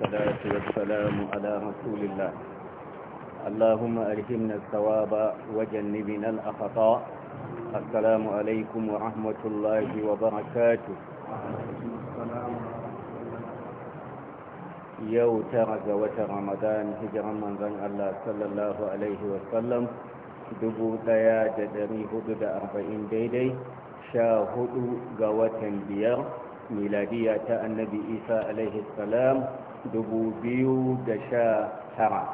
والصلاة والسلام على رسول الله اللهم ألهمنا الثواب وجنبنا الأخطاء السلام عليكم ورحمة الله وبركاته yau tara ga watan ramadan hijiran manzon Allah sallallahu alaihi da 1440 daidai sha hudu ga watan biyar miladiya ta annabi isa alaihi tara.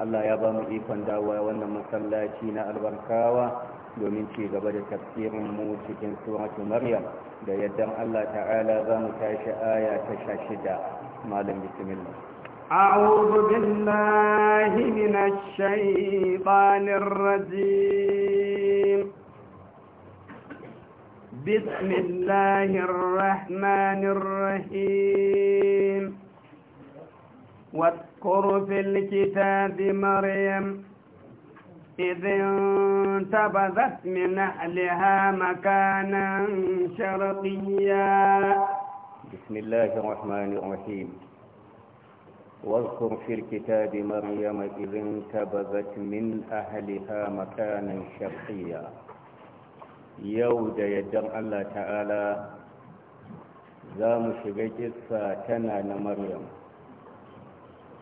Allah ya ba mu ikon dawowa wannan masallaci na albarkawa domin ci gaba da tafsirin mu cikin suratu maryam da yadda Allah ta'ala za mu tashi aya ta sha shida malam bismillah أعوذ بالله من الشيطان الرجيم بسم الله الرحمن الرحيم واذكر في الكتاب مريم إذ انتبذت من أهلها مكانا شرقيا بسم الله الرحمن الرحيم واذكر في الكتاب مريم إذ انتبذت من أهلها مكانا شرقيا يود يدر الله تعالى زام شجج فاتنا مريم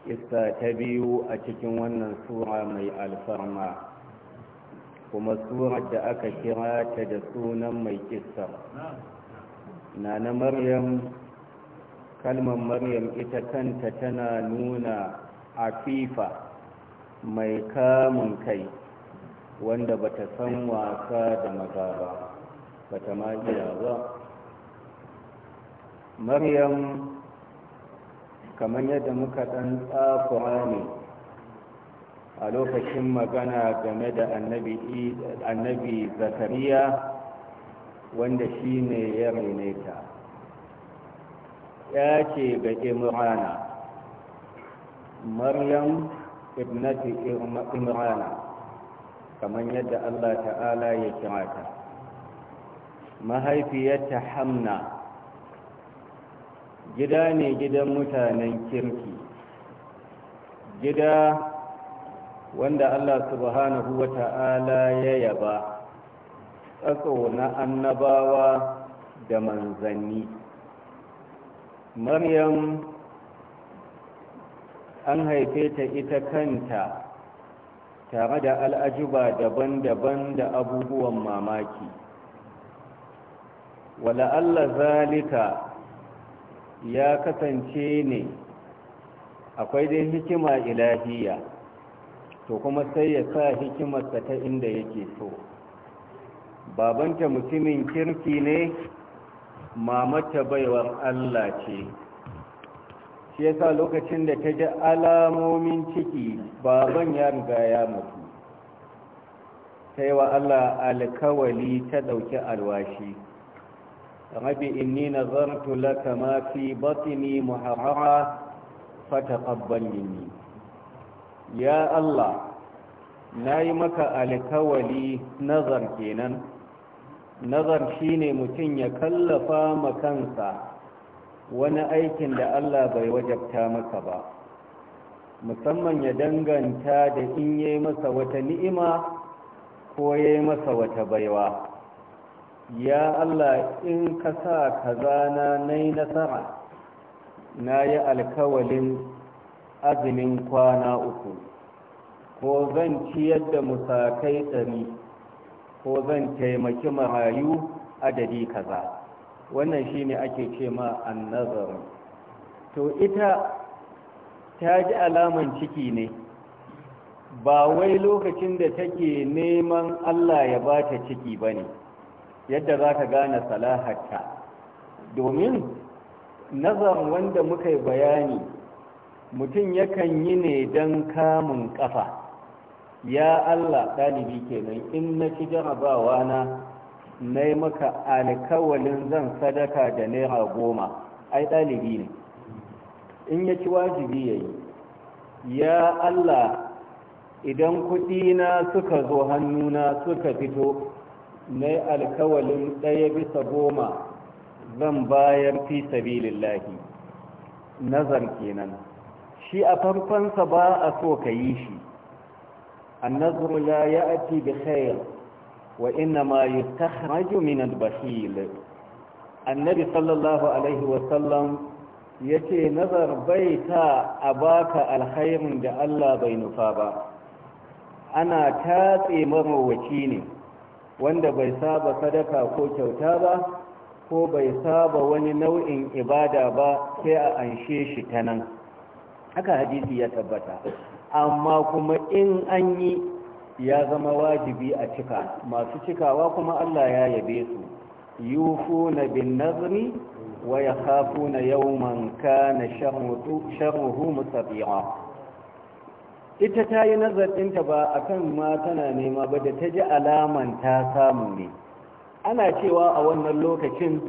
isa ta biyu a cikin wannan sura mai alfarma kuma sura da aka kira ta da sunan mai kissar na na maryam kalmar maryam ita kanta tana nuna afifa mai kamun kai wanda bata san wasa da maza ba bata ma ba maryam kamar yadda muka ɗan tsakura ne a lokacin magana game da annabi zakariya wanda shi ne ya raineta. ya ce ga imrana maryam ibnati imrana kamar yadda allah ta'ala ya kira ta mahaifiyarta hamna gida ne gidan mutanen kirki gida wanda allah subhanahu wa ta'ala ya yaba tsatso na annabawa da manzanni maryam an haife ta ita kanta tare da al'ajuba daban-daban da abubuwan mamaki wala Allah zalika ya kasance ne akwai dai hikima ilahiya to kuma sai ya sa hikimarsa ta inda yake so babanta mutumin kirki ne mamata baiwar Allah ce shi yasa lokacin da ta ji alamomin ciki baban ya riga ya mutu sai wa Allah alkawali ta dauki alwashi rabi inni na zartu laka ma fi batini muhara fataƙabban yini ya allah na yi maka alkawali nazar kenan nazar shine mutum ya kallafa kansa wani aikin da allah bai wajabta maka ba musamman ya danganta da in yi masa wata ni'ima ko ya yi masa wata baiwa ya Allah in ka sa kazana na yi nasara na yi alkawalin azumin kwana uku ko zan ciyar da musakai ɗari ko zan taimaki marayu adadi kaza wannan shine ake ce ma nazarin. to ita ta ji alaman ciki ne ba wai lokacin da take neman Allah ya ba ta ciki ba ne yadda za ka gane salahatta domin nazar wanda muka yi bayani mutum yakan yi ne don kamun kafa. ya Allah ɗalibi kenan in na ci jarabawa na na yi maka alkawalin zan sadaka da naira goma ai ɗalibi ne in ya ci wajibi ya yi ya Allah idan kuɗina suka zo hannuna suka fito na yi alkawalin ɗaya bisa goma zan bayar fi lahi. nazar kenan shi a farkonsa ba a so ka yi shi annazru la ya'ti bi khair wa inna ma yustakhraju min al-bakhil annabi sallallahu alaihi Wasallam ya yace nazar bai ta baka alkhairin da Allah bai nufa ba ana tatse marowaci ne wanda bai saba sadaka ko kyauta ba ko bai saba wani nau'in ibada ba sai a anshe shi ta nan haka hadisi ya tabbata amma kuma in an yi ya zama wajibi a cika masu cikawa kuma Allah ya yabe su yufuna bin nazmi wa yakhafuna yawman kana sharuhu musabi'a ita ta yi nazarinta ba a kan ma tana nema ba da ta ji alaman ta samu ne ana cewa a wannan lokacin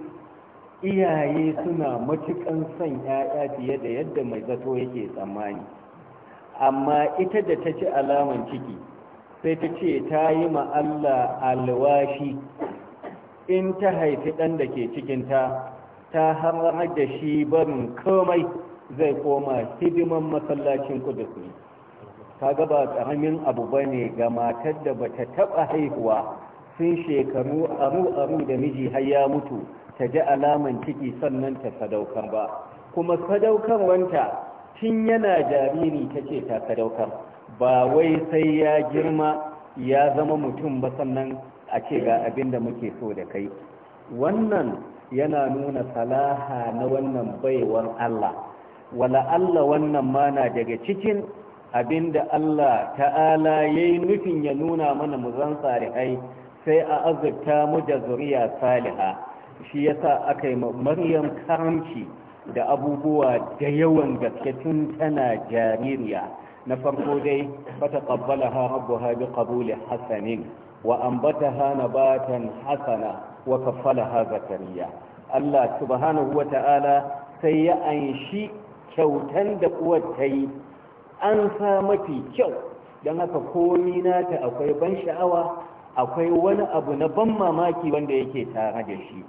iyaye suna matukan son ‘ya'ya fiye da yadda mai zato yake tsammani amma ita da ta ci alaman ciki sai ta ce ta yi ma'alla alwashi in ta haifi ɗan da ke cikinta ta hamar da shi barin komai zai koma hidiman masallacin kudu su kaga ba karamin abu bane ga matar da bata taɓa haihuwa sun shekaru aru aru da miji har ya mutu ta ji alaman ciki sannan ta sadaukar ba kuma sadaukar wanta tun yana jariri ta ce ta sadaukar ba wai sai ya girma ya zama mutum ba sannan a ce ga abin da muke so da kai wannan yana nuna salaha na wannan baiwar Allah wala Allah wannan mana daga cikin abinda Allah ta'ala yayi nufin ya nuna mana mu zan salihai sai a azurta mu da zuriya saliha shi yasa aka yi maryam karamci da abubuwa da yawan gaske tun tana jaririya na farko dai bata qabbalaha rabbuha biqabuli hasanin wa anbataha nabatan hasana wa kaffalaha zakariya Allah subhanahu sai ya anshi kyautan da uwar ta yi an sa mafi kyau don haka komi nata akwai ban sha'awa akwai wani abu na ban mamaki wanda yake tare da shi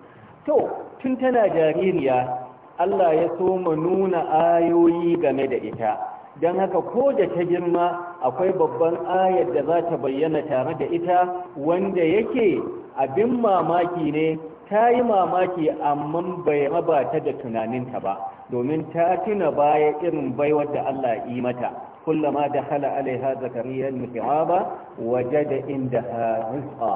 to tun tana jaririya Allah ya so mu nuna ayoyi game da ita don haka ko da ta girma akwai babban ayar da za ta bayyana tare da ita wanda yake abin mamaki ne ta yi mamaki amma bai raba ta da tunaninta ba domin ta tuna baya irin baiwar da Allah yi mata kullama da hala alaiha zakariya waje da wajada indaha rizqa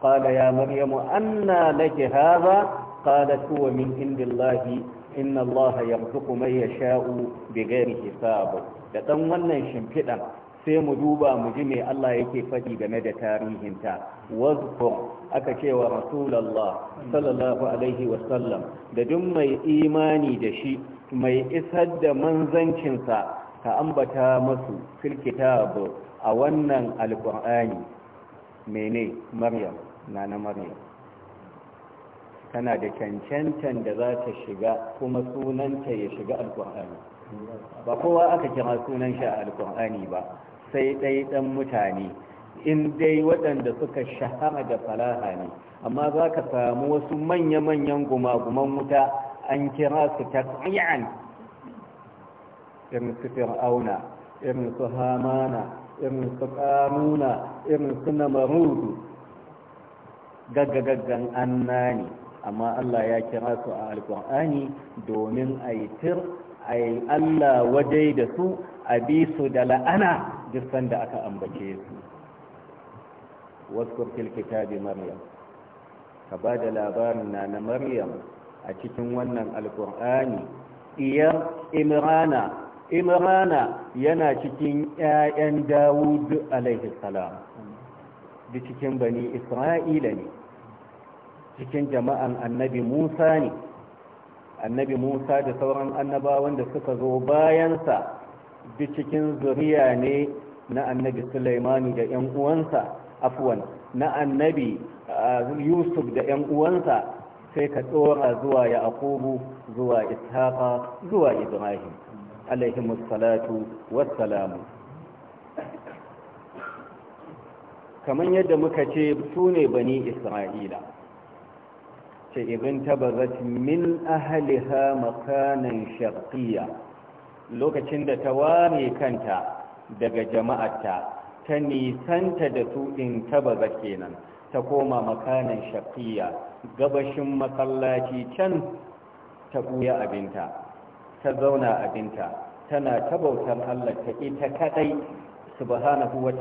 qala ya maryamu anna laki hadha qalat huwa min indillahi inna allaha yarzuqu sha'u yasha'u bighayri hisab da ɗan wannan shimfidan sai mu duba mu ji me Allah yake faɗi game da tarihinta wazkur aka ce wa rasulullah sallallahu alaihi da duk mai imani da shi mai isar da manzancinsa ka ambata masu fil kitab a wannan alqur'ani mene maryam nana maryam tana da cancantan da za ta shiga kuma sunanta ya shiga alqur'ani ba kowa aka kira sunan shi a alqur'ani ba sai ɗai ɗan mutane in dai waɗanda suka shahara da falaha ne amma za ka samu wasu manya-manyan gumaguman wuta an kira su ta tsayan irin su fir'auna irin su hamana irin su kanuna, irin su namarudu gaggagaggan annani ne amma allah ya kira su a alƙur'ani domin a yi tir a yi allah wadai da su a bi su da la'ana duk sanda aka ambace su wasu fil kitabi maryam ka ba da labarin na na maryam a cikin wannan alkur'ani iyar imrana imrana yana cikin 'ya'yan dawud alaihi salam da cikin bani isra'ila ne cikin jama'an annabi musa ne annabi musa da sauran annabawan da suka zo bayansa duk cikin zuriya ne na annabi sulaimani da 'yan uwansa afwan na annabi ah, yusuf da 'yan uwansa sai ka tsora zuwa yaqubu zuwa ishaqa zuwa ibrahim alaihimus salatu wassalamu kamar yadda muka ce su ne bani isra'ila ce ibin tabazat min ahliha makanan sharqiyya lokacin da ta ware kanta daga jama'arta ta nisanta da su in tabaza kenan ta koma makanan shafiya gabashin masallaci can ta ɓuya abinta ta zauna abinta tana tabautar Allah ta ita kadai subhanahu wa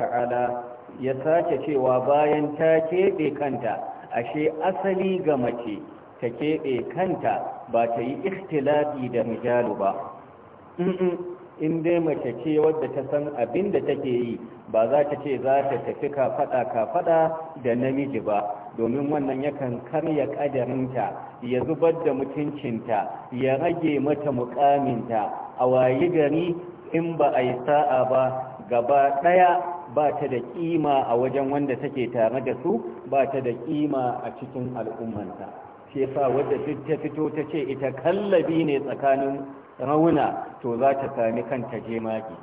ya sace cewa bayan ta keɓe kanta ashe asali ga mace ta keɓe kanta ba ta yi ikhtilafi da mijalu ba in dai mace ce wadda ta san abin da take yi ba za ta ce za ta tafi kafaɗa kafaɗa da namiji ba domin wannan yakan karya ƙadarinta ya zubar da mutuncinta ya rage mata muƙaminta a wayi gari in ba a yi sa'a ba gaba ɗaya ba ta da ƙima a wajen wanda take tare da su ba ta da ƙima a cikin al'ummanta shi sa wadda duk ta fito ta ce ita kallabi ne tsakanin rauna to za ta sami kanta jemage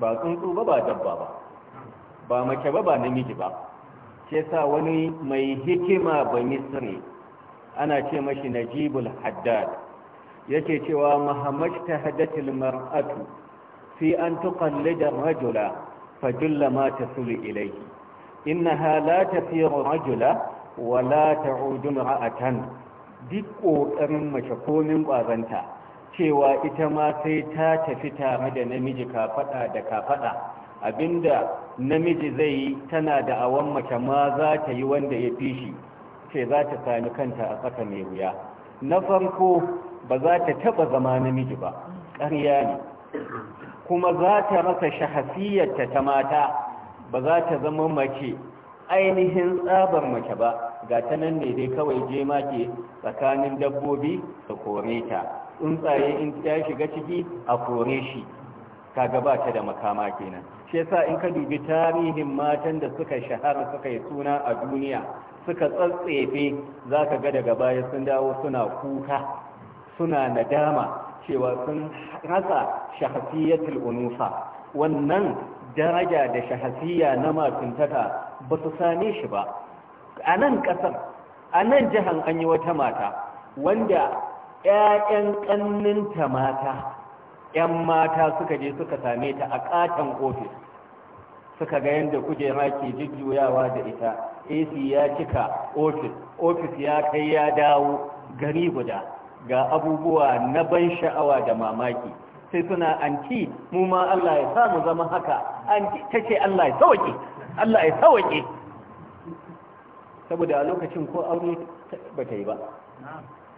ba tsuntsu ba ba dabba ba ba mace ba ba namiji ba ce sa wani mai hikima ba misri ana ce mashi najibul haddad yake cewa muhammad ta haddatil mar'atu fi an tuqallida rajula fajulla ma tasulu ilayhi innaha la tasiru rajula wa la ta'udu ra'atan duk ƙoƙarin mace komin ƙwazanta cewa ita ma sai ta tafi tare da namiji kafaɗa da kafaɗa abinda namiji zai yi tana da awon mace ma za ta yi wanda ya fi shi ce za ta sami kanta a tsaka mai wuya na farko ba za ta taɓa zama namiji ba ƙarya ne kuma za ta rasa shahasiyarta ta mata ba za ta zama mace ainihin tsabar mace ba ga ta nan ne dai kawai jema ke tsakanin dabbobi da kore ta tsuntsaye in ya shiga ciki a kore shi ka gaba ta da makama kenan shi yasa in ka dubi tarihin matan da suka shahara suka yi suna a duniya suka tsatsefe za ka ga daga baya sun dawo suna kuka suna nadama cewa sun rasa shahasiyatul unusa wannan daraja da shahasiya na matuntaka ba su same shi ba a nan ƙasar a nan jihar an yi wata mata wanda 'ya'yan ƙanninta mata 'yan mata suka je suka same ta a ƙaton ofis suka ga yadda kujera ke jujjuyawa da ita ac ya cika ofis ofis ya kai ya dawo gari guda ga abubuwa na ban sha'awa da mamaki sai suna anti mu ma Allah ya samu zama haka anti ta Allah ya sauke Allah ya sauke saboda a lokacin ko aure ba ta yi ba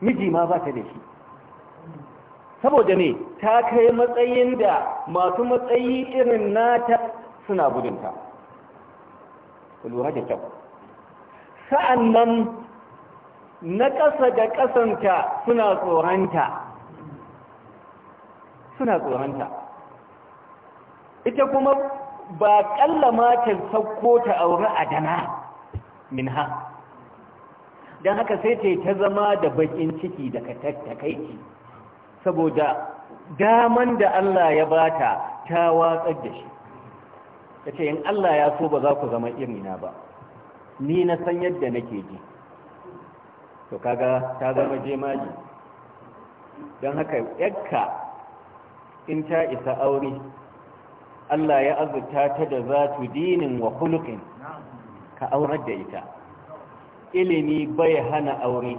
miji ma ba ta da shi saboda ne ta kai matsayin da masu matsayi irin nata suna gudunta lura da kyau sa'an nan na ƙasa da ƙasanta suna tsoronta suna tsoronta ita kuma ba ƙalla ma ta sauko ta aure a dana minha don haka sai ce ta zama da bakin ciki da takaici saboda daman da Allah ya bata ta watsar da shi ta ce in Allah ya so ba za ku zama irina ba ni na san yadda nake ji to kaga ta zama jemaji don haka yadda in ta isa aure Allah ya azurta ta da za tu dinin wa hulukin ka aurar da ita ilimi bai hana aure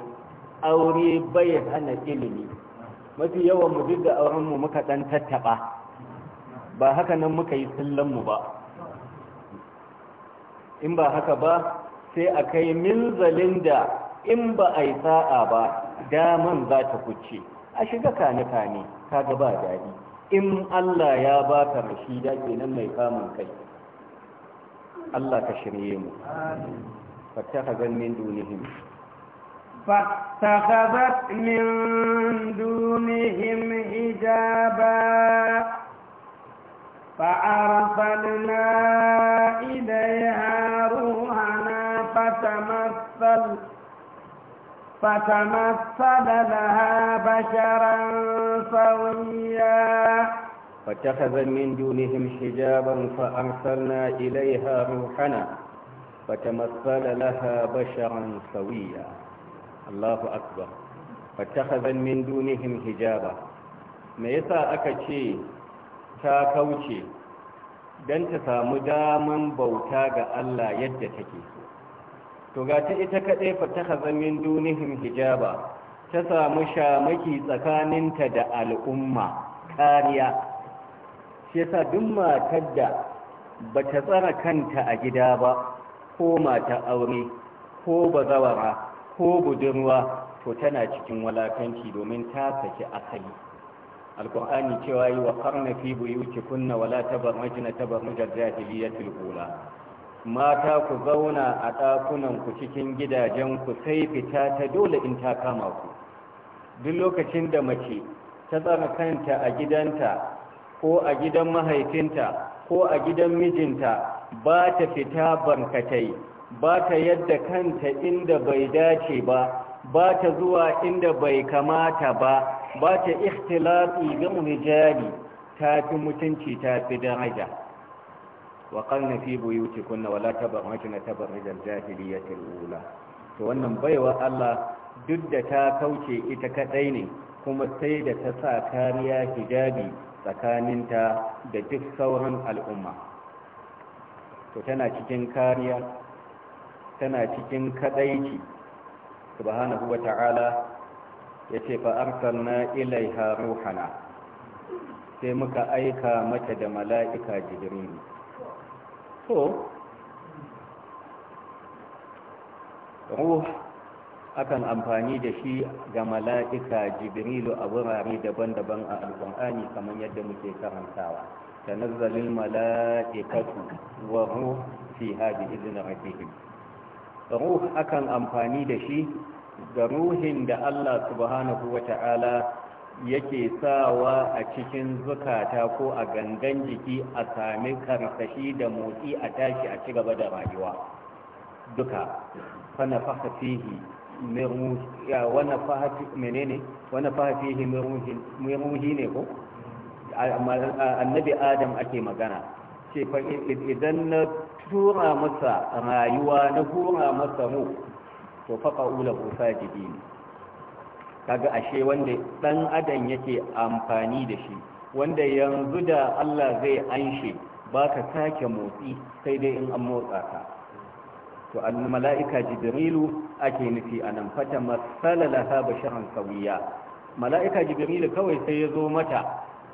aure bai hana ilimi mafi yawan mu duk da auren mu muka dan tattaba ba haka nan muka yi sallan mu ba in ba haka ba sai a kai minzalin da in ba a yi sa'a ba daman za ta kuce a shiga kane-kane ka ba daɗi in Allah ya baka rashida kenan mai kamun kai Allah ka shirye mu fattakazan min dunihim fattakazat ba, dunihim hijaba fa'arfalna ilayha ruhana fatamassal fatamassal laha basharan sawiyya فاتخذ من دونهم حجابا فأرسلنا إليها روحنا فتمثل لها بشرا سويا الله أكبر فاتخذ من دونهم حجابا ما يسا أكتشي تاكوشي don ta samu daman bauta ga Allah yadda take so to ga ta ita kaɗai fataha zamin dunihim ta samu shamaki tsakaninta da al'umma kariya shi yasa duk matar da ba ta tsara kanta a gida ba ko mata aure ko bazawara ko budurwa to tana cikin walakanci domin ta saki asali alkur'ani cewa yi wa karna fi buyuki kunna wala tabarmajina tabarmajar jahiliyatul ula mata ku zauna a ɗakunan ku cikin gidajen ku sai fita ta dole in ta kama ku duk lokacin da mace ta tsara kanta a gidanta ko a gidan mahaifinta ko a gidan mijinta ba ta fita bankatai ba ta yadda kanta inda bai dace ba ba ta zuwa inda bai kamata ba ba ta ikhtilafi ga muhijari ta fi mutunci ta fi daraja wa qalna fi buyutikunna wala tabarrajna tabarrujal jahiliyatil ula to wannan baiwa Allah duk da ta kauce ita kadai ne kuma sai da ta sa kariya hijabi tsakaninta da duk sauran al'umma to tana cikin kariya tana cikin kadaici subhanahu wa ta'ala ya ce fa'arkar na ilaiha ruhana sai muka aika mata da mala'ika jibrilu to ruh akan amfani da shi ga mala'ika jibrilu a wurare daban-daban a alƙur'ani kamar yadda muke karantawa tanazzalul mala'ikatu wa ruh fi bi izni rabbihim ruh akan amfani da shi ga ruhin da Allah subhanahu wata'ala yake sawa a cikin zukata ko a gangan jiki a sami karsashi da motsi a tashi a ci gaba da rayuwa duka fa nafakha fihi wannan ne ko annabi adam ake magana ce idan na tura masa rayuwa na tura masa mu to faka ula kusa jiki kaga ashe wanda dan adam yake amfani da shi wanda yanzu da Allah zai anshe baka sake motsi sai dai in an motsa ka to an mala'ika jibrilu ake nufi a nan fata matsala ta basharan sauya mala'ika jibrilu kawai sai ya zo mata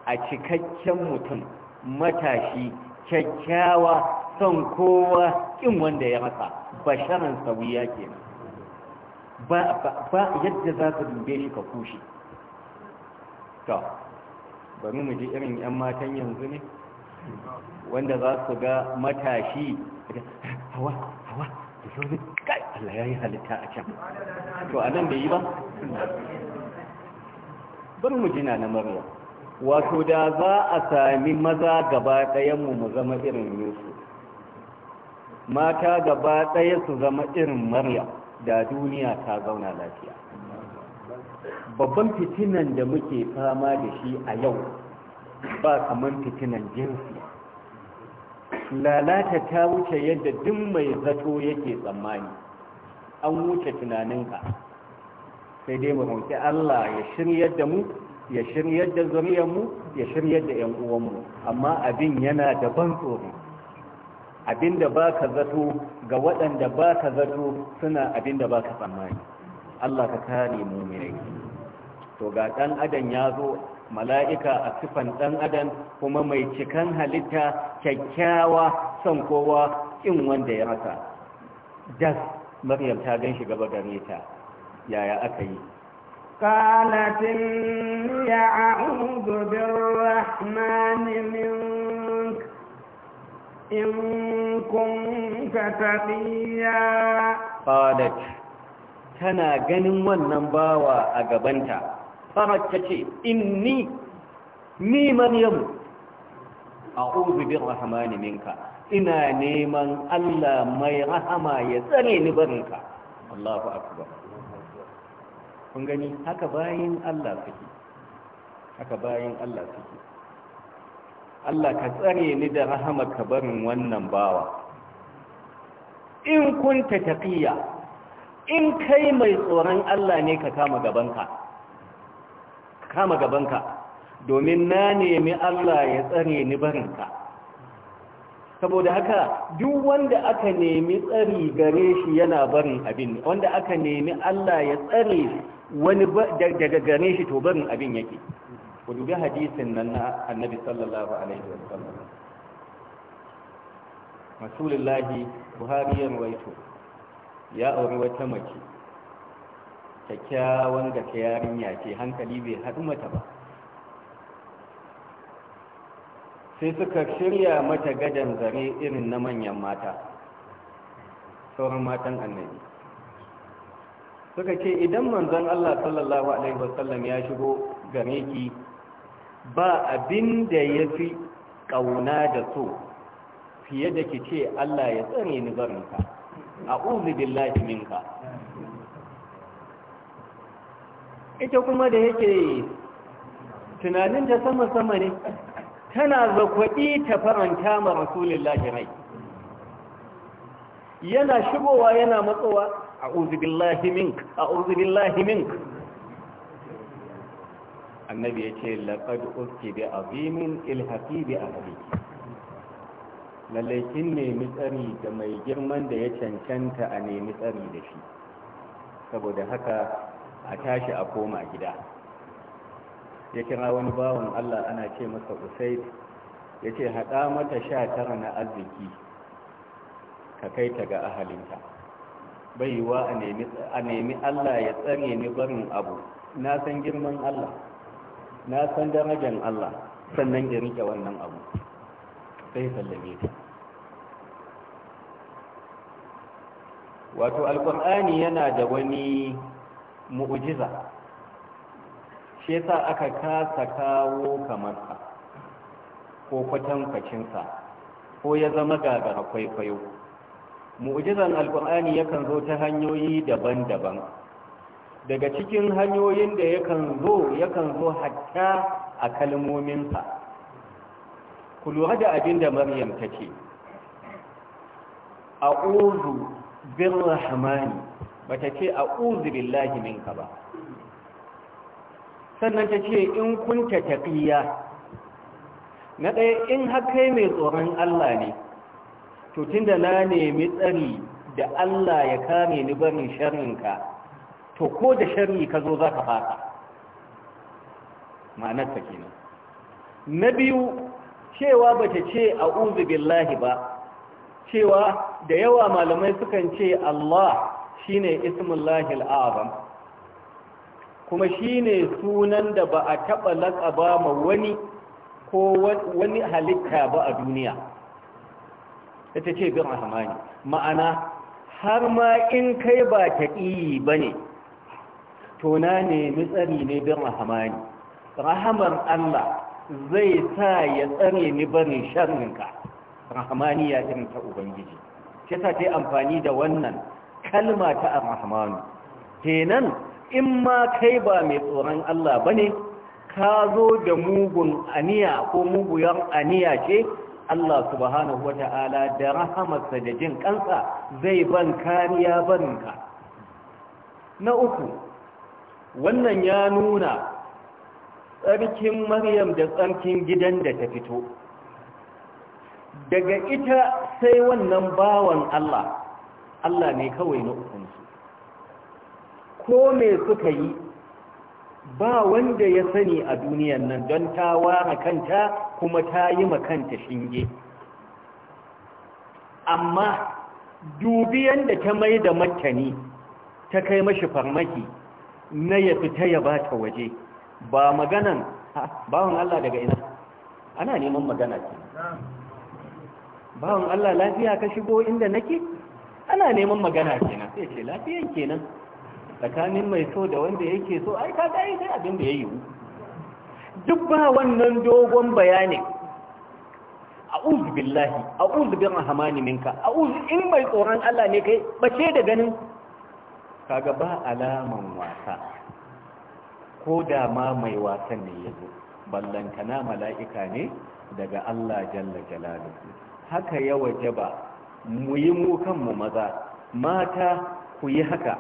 a cikakken mutum matashi kyakkyawa son kowa kin wanda ya masa basharan sauya kenan ba yadda za ka dube shi ka kushe to bari mu ji irin 'yan matan yanzu ne wanda za su ga matashi hawa hawa sun kai Allah ya yi halitta a can to a nan bai yi ba bari mu jina na maryam wato da za a sami maza gaba ɗayanmu mu zama irin yusuf mata gaba ɗaya su zama irin maryam da duniya ta zauna lafiya babban fitinan da muke fama da shi a yau ba kamar fitinan jinsi lalata ta wuce yadda duk mai zato yake tsammani an wuce tunaninka sai dai mu roƙi Allah ya shiryar da mu ya shiryar da zuriyarmu ya shiryar da ƴan uwanmu amma abin yana da ban tsoro abin da baka zato ga waɗanda baka zato suna abin da baka tsammani Allah ka kare mu mai to ga ɗan adam ya zo mala'ika a sifan ɗan adam kuma mai cikan halitta kyakkyawa son kowa in wanda ya rasa das maryam ta gan shi gaba gare ta yaya aka yi قالت إني أعوذ بالرحمن منك إن كنت تقيا قالت tana ganin wannan bawa a gabanta فرجت شيء إني ni ni أعوذ بالرحمن منك إنا ina neman Allah mai rahama ya tsare ni barinka هكا باين kun gani haka باين Allah فيه Allah Allah ka tsare ni da rahama ka barin wannan bawa in kunta taqiya in kai mai tsoron Allah ne ka kama gabanka kama gabanka domin na nemi Allah ya tsare ni barinka saboda haka duk wanda aka nemi tsari gare shi yana barin abin wanda aka nemi Allah ya tsare wani daga gare shi to barin abin yake ku dubi hadisin nan na annabi sallallahu alaihi wasallam rasulullahi buhari ya rawaito ya auri wata mace kyakkyawan da ta yarinya ce hankali bai haɗu mata ba sai suka shirya mata gadon zare irin na manyan mata sauran matan annabi suka ce idan manzon Allah sallallahu alaihi wasallam ya shigo gare ki ba abin da ya fi ƙauna da so fiye da ki ce Allah ya tsare ni barinka a uzu billahi minka ita kuma da yake tunanin ta sama-sama ne tana zakwaɗi ta faranta ma rasulullahi rai yana shigowa yana matsowa a uzubillahi mink a uzubillahi mink annabi ya ce laƙad uski bi azimin ilhafi da ahabi lallaikin nemi tsari da mai girman da ya cancanta a nemi tsari da shi saboda haka a tashi a koma gida ya kira wani bawan Allah ana ce masa usai ya ce haɗa mata sha tara na arziki ka kai ta ga ahalinta bai yiwuwa a nemi Allah ya tsare ni barin abu na san girman Allah na san darajar Allah sannan ya rike wannan abu sai sallame ta wato alkur'ani yana da wani mu'ujiza shi yasa aka kasa kawo kamarsa ko kwatankwacinsa ko ya zama gagara kwaikwayo mu'ujizan alkur'ani yakan zo ta hanyoyi daban-daban daga cikin hanyoyin da yakan zo yakan zo hatta a kalmominsa ku lura da abinda maryam ta ce a ozu bin rahamani bata ce a uzubillahi minka ba sannan ta ce in kunta tafiya. na ɗaya in haka mai tsoron Allah ne to da na nemi tsari da Allah ya kame ni barin sharrinka to ko da sharri ka zo za ka fata ka. kenan na biyu cewa ba ta ce a billahi ba cewa da yawa malamai sukan ce Allah shine ismullahil azam kuma shine sunan da ba a taba laƙaba ma wani ko wani halitta ba a duniya ita ce bin rahmani ma'ana har ma in kai ba ta iyi ba ne to na nemi tsari ne bin rahmani Rahaman Allah zai sa ya tsare ni barin sharrinka rahmani ya irin ubangiji shi ta ta amfani da wannan kalma ta ar rahman kenan in ma kai ba mai tsoron Allah bane ka zo da mugun aniya ko muguyan aniya ce Allah subhanahu wata'ala da rahamarsa da jin kansa zai ban kariya barinka na uku wannan ya nuna tsarkin maryam da tsarkin gidan da ta fito daga ita sai wannan bawan Allah Allah ne kawai na ukunsu ko me suka yi ba wanda ya sani a duniyan nan don ta wara kanta kuma ta yi makanta shinge amma dubiyan da ta mai da martani ta kai mashi farmaki na ya fita ya ba ta waje ba maganan bawan Allah daga ina ana neman magana ce bawan Allah lafiya ka shigo inda nake ana neman magana kenan sai ce lafiyan kenan tsakanin mai so da wanda yake so ai ka ga yayi abin da ya duk ba wannan dogon bayani a'udhu billahi a'udhu bi rahmani minka a'udhu in mai tsoron Allah ne kai bace da ganin kaga ba alaman wasa ko da ma mai wasan ne yazo ballantana mala'ika ne daga Allah jalla jalaluhu haka ya wajaba mu yi mu kanmu maza mata ku yi haka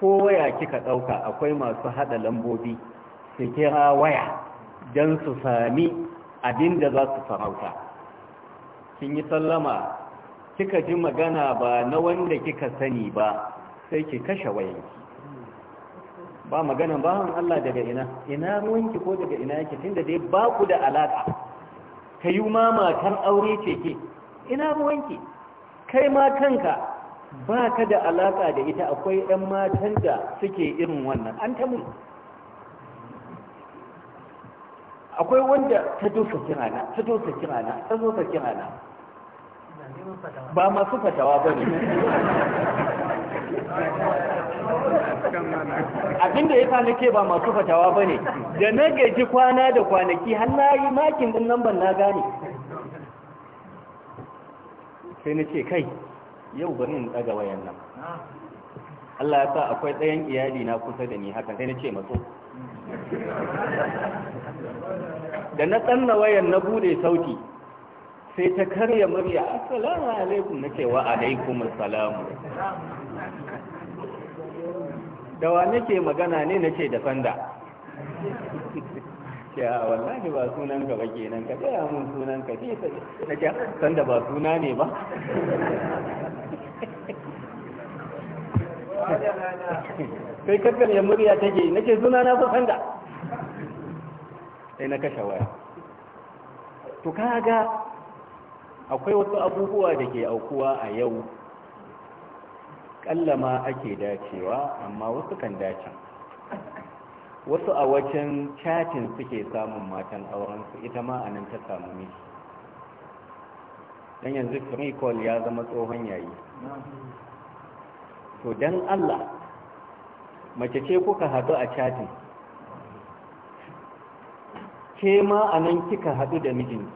ko waya kika ɗauka akwai masu haɗa lambobi su kira waya don su sami abin da za su farauta kin yi sallama kika ji magana ba na wanda kika sani ba sai ki kashe wayanki ba magana ba bawan Allah daga ina ina ruwanki ko daga ina yake tunda dai ba ku da alaka kayu ma matar aure ce ke ina ruwanki kai ma kanka ba ka da alaƙa da ita akwai 'yan matan da suke irin wannan an ta mun akwai wanda ta dosa kirana ta dosa kirana ta dosa kirana ba masu fatawa ba ne abinda ya nake ba masu fatawa ba ne da na gaji kwana da kwanaki har na yi makin ɗin nan ban na gane sai na ce kai yau bari in daga wayan nan Allah ya sa akwai ɗayan iyali na kusa da ni hakan sai na ce maso da na tsanna wayan na bude sauti sai ta karya murya assalamu alaikum na wa alaikum assalam da wa nake magana ne na ce da sanda ce a wallahi ba sunan ka ba kenan ka tsaya mun sunan ka ce na ce san da ba suna ne ba kai kakkan ya murya take na ce suna na fa sanda sai na kashe waya to kaga akwai wasu abubuwa da ke aukuwa a yau kallama ake dacewa amma wasu kan dace wasu a wajen catin suke samun matan aurensu ita ma a nan ta samu miki don yanzu free ya zama tsohon yayi to don allah mace ce kuka haɗu a catin. ke ma a nan kika haɗu da mijinki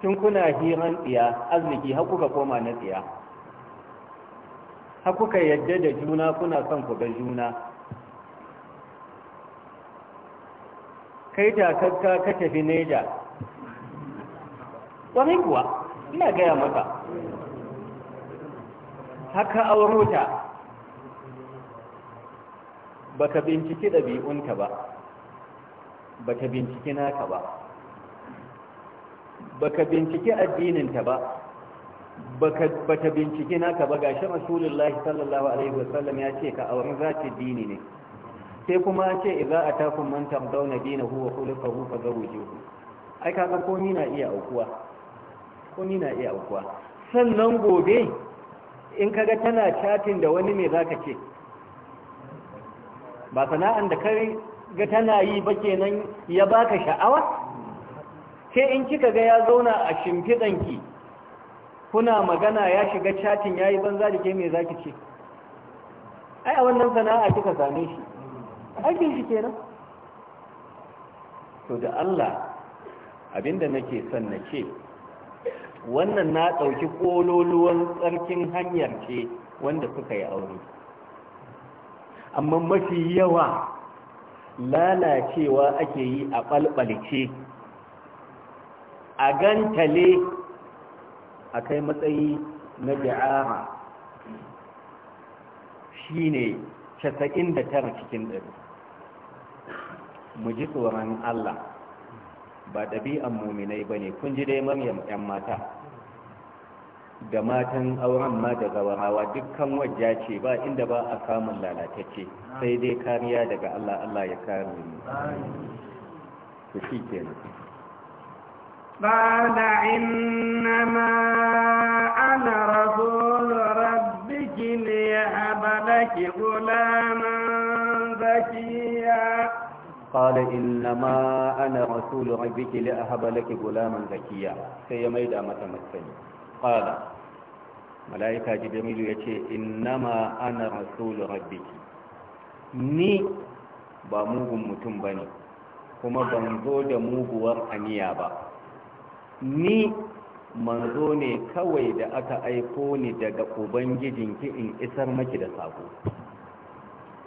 tun kuna hiran tsiya arziki har kuka koma na tsiya har kuka yadda da juna kuna son ku ga juna kai kakka ka tafi neja wani kuwa ina gaya maka haka aurota. ba ka binciki ɗabi'unta ba ba ka binciki naka ba ba ka binciki addininta ba ba ta binciki naka ba gashi rasulullahi sallallahu alaihi wasallam ya ce ka auren zati dini ne sai kuma ce idza atakum man tamdawna dinahu wa khuluquhu fazawwijuhu ai kaga komi na iya aukuwa komi na iya aukuwa sannan gobe in kaga tana chatin da wani me zaka ce ba sana'an da kai ga tana yi ba kenan ya baka sha'awa sai in kika ga ya zauna a shimfidanki kuna magana ya shiga chatin yayi banza da ke me zaki ce ai a wannan sana'a kika same shi aikin shi kenan to da Allah abinda nake son na ce wannan na ɗauki ƙololuwan tsarkin hanyar ce wanda suka yi aure amma mafi yawa lalacewa ake yi a ɓalɓalce a gantale a kai matsayi na bi'ara shi ne 99 cikin ɗari mu ji tsoron Allah ba ɗabi'an muminai ba ne kun ji dai maryam 'yan mata da matan auren ma da gawarawa dukkan wajja ce ba inda ba a samun lalatacce sai dai kariya daga Allah Allah ya kare mu ku shi kenan قال إنما أنا رسول ربك ليهب لك غلاما قال إنما أنا رسول ربك لأهب لك غلاما زكيا سيميد متمثل قال ملائكة جبريل يتي إنما أنا رسول ربك ني بموغ متنبني كما ba موغ kuma ban zo da ni manzo ne kawai da aka aiko ni daga ubangijinki in isar maki da sako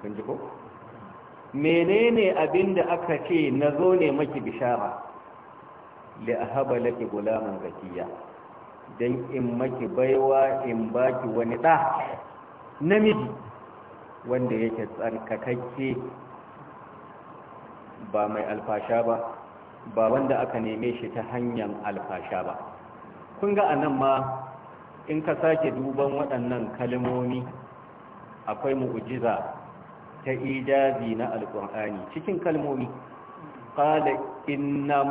kun ji ko menene abin da aka ce na zo ne maki bishara li ahaba laki gulaman zakiya dan in maki baiwa in baki wani da namiji wanda yake tsarkakakke ba mai alfasha ba ba wanda aka neme shi ta hanyar alfasha ba kun ga anan ma in ka sake duban waɗannan kalmomi akwai mu'ujiza ta ijazi na alƙur'ani cikin kalmomi qala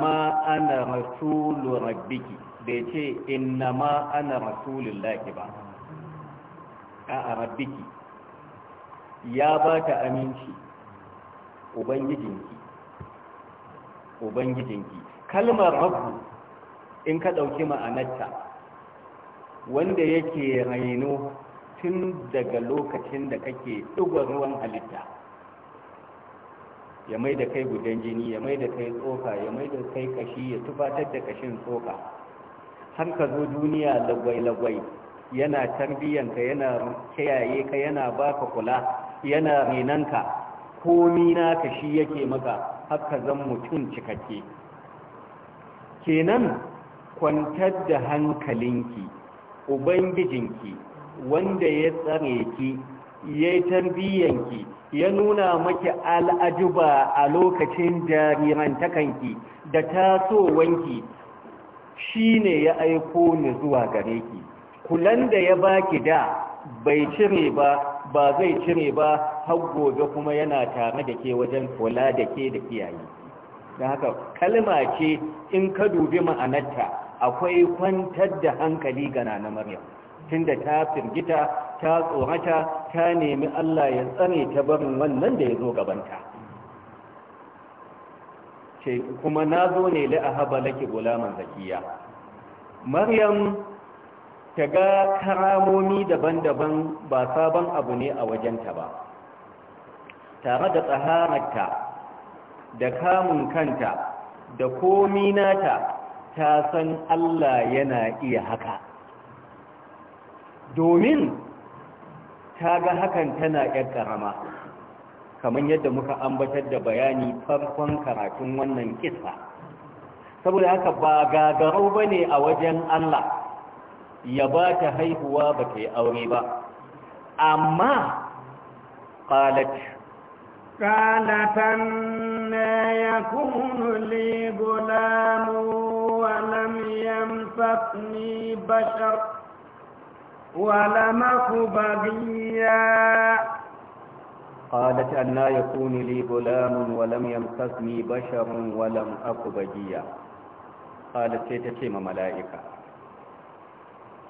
ma ana rasulu rabbiki bai ce ma ana rasulullahi ba a rabbiki ya ba ta aminci ubangijinki ubangijinki kalmar rabbu in ka ɗauki ma'anarta wanda yake raino tun daga lokacin da kake ɗuga ruwan halitta ya mai da kai gudan jini ya mai da kai tsoka ya mai da kai kashi ya tubatar da kashin tsoka har ka zo duniya lagwai-lagwai yana tarbiyyanka yana kiyaye ka yana baka kula yana renanka komi naka shi yake maka har ka zan mutum cikakke kenan kwantar da hankalinki ubangijinki wanda ya tsare ki ya yi tarbiyyanki ya nuna maki al'ajuba a lokacin jarirantakanki da tasowanki shi ne ya aiko ni zuwa gare ki kulan da ya baki da bai cire ba ba zai cire ba har gobe kuma yana tare da ke wajen kula da ke da kiyaye da haka kalma ce in ka dubi ma'anarta akwai kwantar da hankali ga na maryam tunda ta firgita ta tsorata ta nemi Allah ya tsare ta barin wannan da ya zo gabanta ce kuma na zo ne la'ahaba laki gulaman zakiya maryam ta ga karamomi daban-daban ba sabon abu ne a wajenta ba tare da tsahararta da kamun kanta da komi nata ta san Allah yana iya haka domin ta ga hakan tana ‘yar ƙarama kamar yadda muka ambatar da bayani farkon karatun wannan kisa saboda haka ba gagarau ba ne a wajen Allah ya ba ta haihuwa ba ta yi aure ba amma ƙalat قالت أنا wa لي غلام ولم يمسطني بشر wala maku babiya qalat anna yakunu li gulamun wa lam yamsasni basharun wa lam aku bagiya qalat sai ta ce ma mala'ika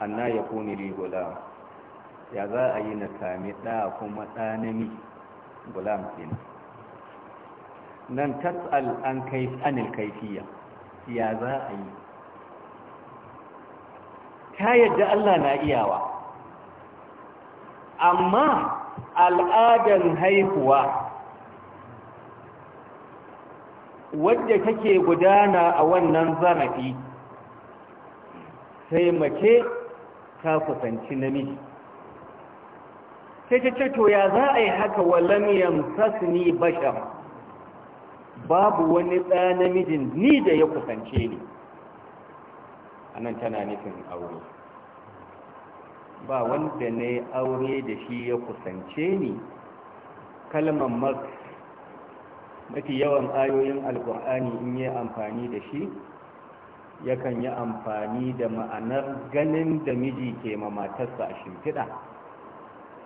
anna yakunu li gulam ya za a yi na sami da kuma da nami gulam nan tas'al an kai ya za a yi ta yadda Allah na iyawa amma al'adan haihuwa wadda take gudana a wannan zarafi sai mace ta kusanci namiji sai ta ce to ya za a yi haka walam ni bashan. babu wani ɗa namijin ni da ya kusance ni anan tana nufin aure ba wanda ne aure da shi ya kusance ni kalmar mak mafi yawan ayoyin alkur'ani in yi amfani da shi yakan yi amfani da ma'anar ganin da miji ke mamatarsa a shimfiɗa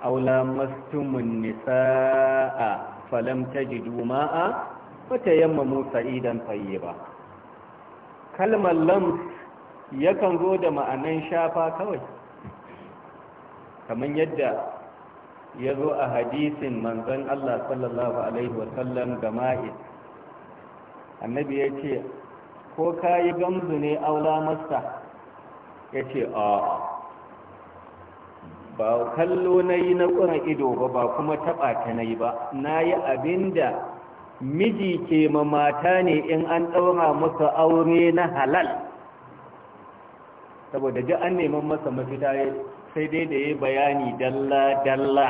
aula mastumin nisa'a falam ta ji duma'a wata yamma musa idan fayi ba kalmar lams yakan zo da ma'anan shafa kawai kamar yadda ya zo a hadisin manzon Allah sallallahu Alaihi wasallam ga ma'id annabi ya ce ko ka yi gamzu ne aula masa ya ce a ba kallo na yi na ƙura ido ba ba kuma taɓa ta na yi ba na yi abin miji ke ma mata ne in an ɗaura masa aure na halal saboda ji an neman masa mafita sai dai da ya bayani dalla-dalla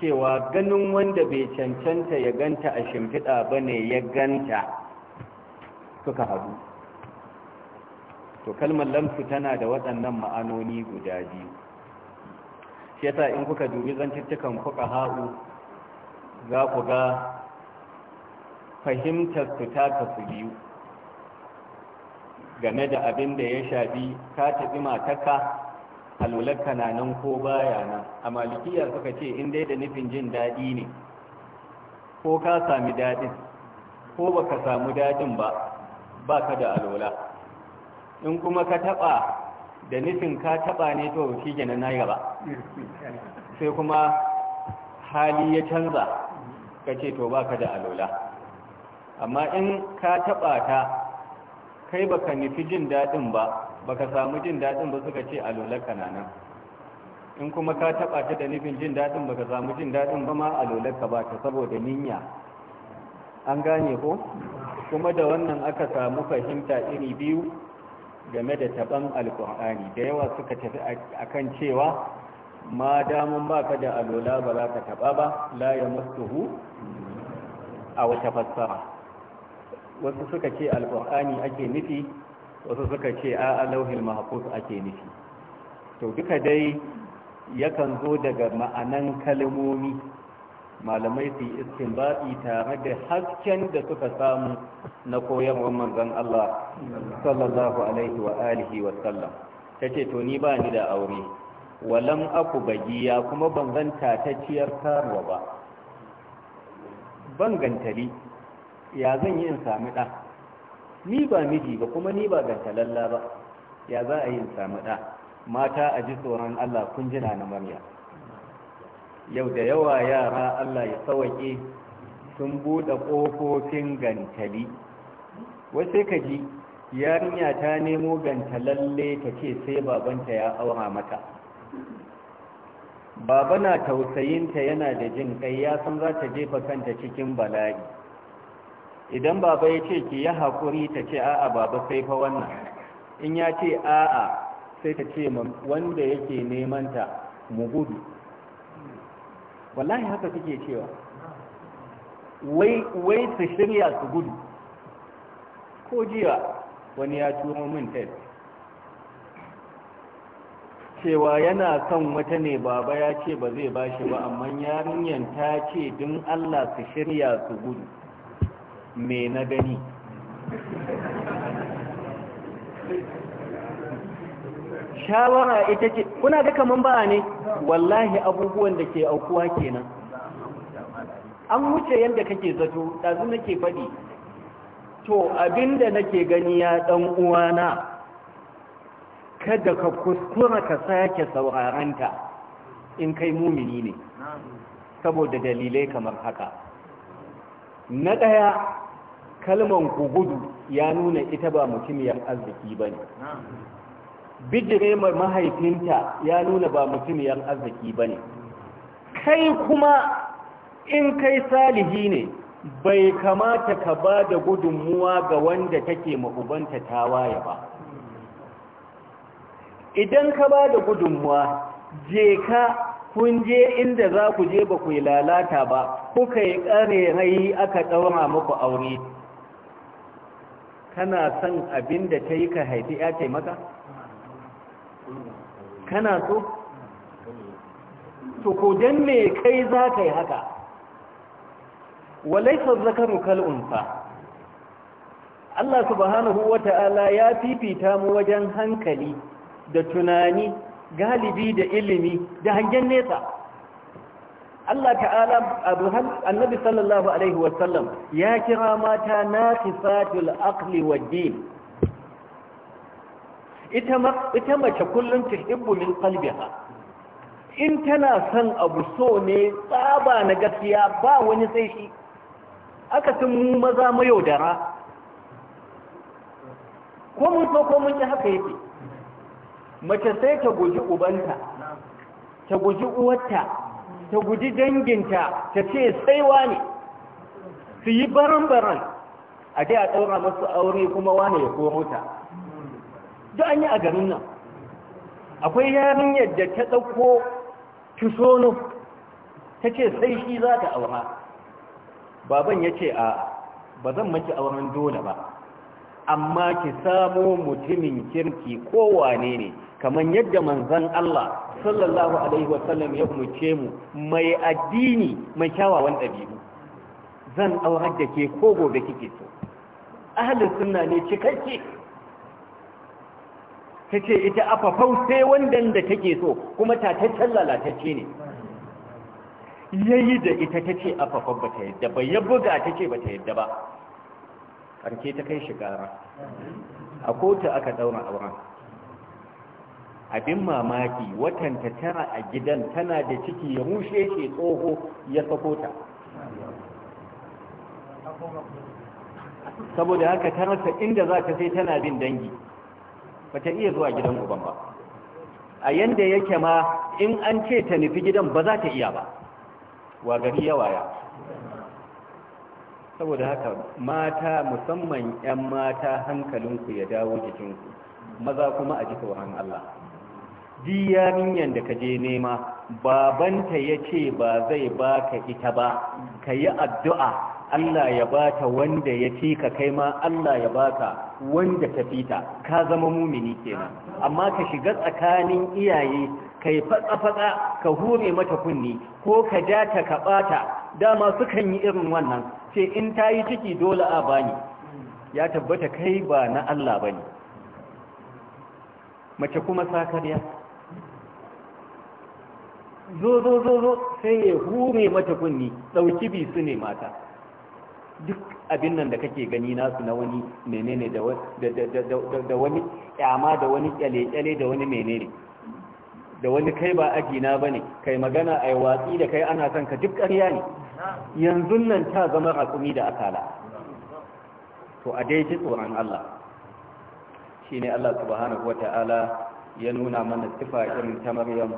cewa ganin wanda bai cancanta ya ganta a shimfiɗa ba ne ya ganta suka haɗu to kalmar lamsu tana da waɗannan ma'anoni guda biyu shi yasa in kuka dubi cikin kuka haɗu? za ku ga fahimtar su ta kasu biyu game da abin da ya shafi ka taɓi mataka alwalarka na nan ko baya nan a malikiya suka ce in dai da nufin jin daɗi ne ko ka sami daɗin ko ba ka samu daɗin ba ba ka da alwala in kuma ka taɓa da nufin ka taɓa ne to shi gina na gaba sai kuma hali ya canza ka ce to ba ka da alwala amma in ka taɓa ta kai ba ka nufi jin daɗin ba baka samu jin daɗin ba suka ce alolar kananan in kuma ka taɓa ta da nufin jin daɗin baka samu jin daɗin ba ma alolar ka ba ta saboda niyya an gane ko kuma da wannan aka samu fahimta iri biyu game da taɓan alƙur'ani da yawa suka tafi akan cewa ma damun baka da alola ba za ka taɓa ba la ya mustuhu a wata fassara wasu suka ce alƙur'ani ake nufi wasu suka ce a lauhin mahafuz ake nufi to duka dai yakan zo daga ma'anan kalmomi malamai su yi ba'i tare da hasken da suka samu na koyarwar manzon Allah sallallahu alaihi wa alihi wa sallam Ta ce to ni ba ni da aure Walan aku bagiya kuma ban zan ta ciyar karuwa ba ban gantari ya zan yi in sami ɗan? ni ba miji ba kuma ni ba gantalalla ba ya za a yi samu ɗa mata a ji tsoron Allah kun jina na Maryam yau da yawa yara Allah ya sawake sun buɗe ƙofofin gantali wasu ka ji yarinya ta nemo gantalalle ta ce sai babanta ya aura mata baba na tausayinta yana da jin kai ya san za ta jefa kanta cikin bala'i idan baba ya ce ki ya haƙuri ta ce a'a baba sai fa wannan in ya ce a'a sai ta ce wanda yake neman ta mu gudu wallahi haka kike cewa wai wai su shirya su gudu ko jiya wani ya turo min tel cewa yana son wata ne baba ya ce ba zai bashi ba amma yarinyar ta ce don Allah su shirya su gudu me na gani shawara ita ce kuna ga kaman ba ne wallahi abubuwan da ke aukuwa kenan an wuce yadda kake zato ɗazu nake faɗi to abinda nake gani ya ɗan uwana kada ka kuskura ka sake sauraranta in kai mumini ne saboda dalilai kamar haka na ɗaya kalman ku gudu ya nuna ita ba mutumiyar arziki ba ne bijire mahaifinta ya nuna ba mutumiyar arziki ba ne kai kuma in kai salihi ne bai kamata ka ba da gudunmuwa ga wanda take mahubanta waya ba idan ka ba da gudunmuwa je ka kun je inda za ku je ba ku yi lalata ba kuka yi ƙare aka ɗaura muku aure kana son abin da ta yi ka haifi ya ce maka kana so to ko dan me kai za ka yi haka walaisa zakaru kal'unfa Allah subhanahu wa ta'ala ya fifita mu wajen hankali da tunani galibi da ilimi da hangen nesa Allah ta'ala abu annabi sallallahu alaihi wasallam ya kira mata na naqisatul aqli wad din ita mace kullum tuhibbu min qalbiha in tana son abu so ne tsaba na gaskiya ba wani sai shi aka sun mu maza mayaudara ko mun so ko mun yi haka yake mace sai ta guji ubanta ta guji uwarta ta guji danginta ta ce saiwa ne su yi baran-baran a dai a ɗaura masu aure kuma wane ya koro ta an yi a garin nan akwai yarinyar da ta ɗauko tusono ta ce sai shi za ta aura baban ya ce a ba zan maki auren dole ba amma ki samo mutumin kirki kowane ne kamar yadda manzon Allah sallallahu alaihi wasallam ya umarce mu mai addini mai kyawawan ɗabi'u zan aurar da ke ko gobe kike so ahlus sunna ne cikakke tace ita afafau sai wanda da take so kuma ta lalatacce ne yayi da ita tace afafau bata yadda ba ya buga tace bata yadda ba karke ta kai shi gara a kotu aka daura auren abin mamaki watan ta tara a gidan tana da ciki ya rushe shi tsoho ya sako ta saboda haka ta rasa inda za ta sai tana bin dangi ba ta iya zuwa gidan uban ba a yanda yake ma in an ce ta nufi gidan ba za ta iya ba wa gari yawaya saboda haka mata musamman 'yan mata hankalinku ya dawo jikinku maza kuma a ji tsoron Allah di yarinyan da ka je nema babanta ya ce ba zai ba ka ita ba ka yi addu'a Allah ya bata wanda ya fi ka kai ma Allah ya baka wanda ta fita ka zama mumini kenan amma ka shiga tsakanin iyaye kai fatsa-fatsa ka hure mata kunni ko ka ja ta ka bata dama sukan yi irin wannan ce in ta yi ciki dole a bani ya tabbata kai ba na Allah bane mace kuma sakarya zo zo zo zo sai ya hure mata kunni ɗauki bi su ne mata duk abin nan da kake gani nasu na wani menene da wani kyama da wani kyale-kyale da wani menene da wani kai ba ajina ba ne kai magana a watsi da kai ana son ka duk ƙarya ne yanzu nan ta zama hakumi da akala to a dai ji tsoron Allah shi ne Allah subhanahu wa ta'ala ya nuna mana sifa irin ta Maryam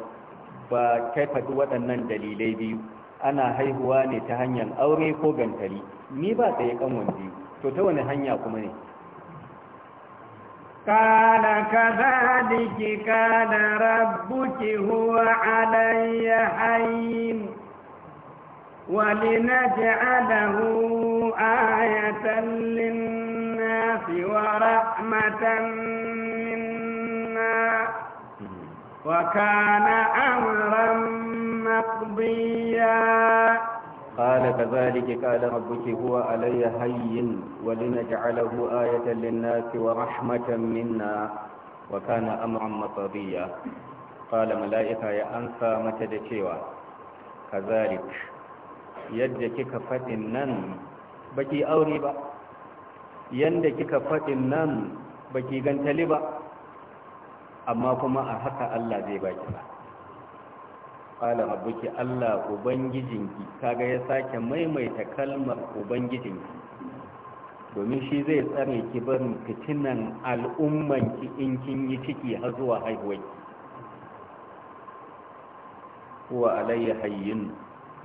ba kai faɗi waɗannan dalilai biyu ana haihuwa ne ta hanyar aure ko gantari ni ba tsaye kanwan biyu to ta wani hanya kuma ne قال كذلك كان ربك هو علي حين ولنجعله آية للناس ورحمة من وكان أمرا مقضيا قال كذلك قال ربك هو علي هين ولنجعله آية للناس ورحمة منا وكان أمرا مقضيا قال ملائكة يا أنسى متدكيوا كذلك يدكك فتنن بكي أوري ba yanda kika faɗin nan baki gantali ba amma kuma a haka Allah zai baki ba qala rabbuki Allah ubangijinki kaga ya sake maimaita kalmar ubangijinki domin shi zai tsare ki barin fitinan al'ummanki in kin yi ciki har zuwa haihuwarki huwa alayya hayyin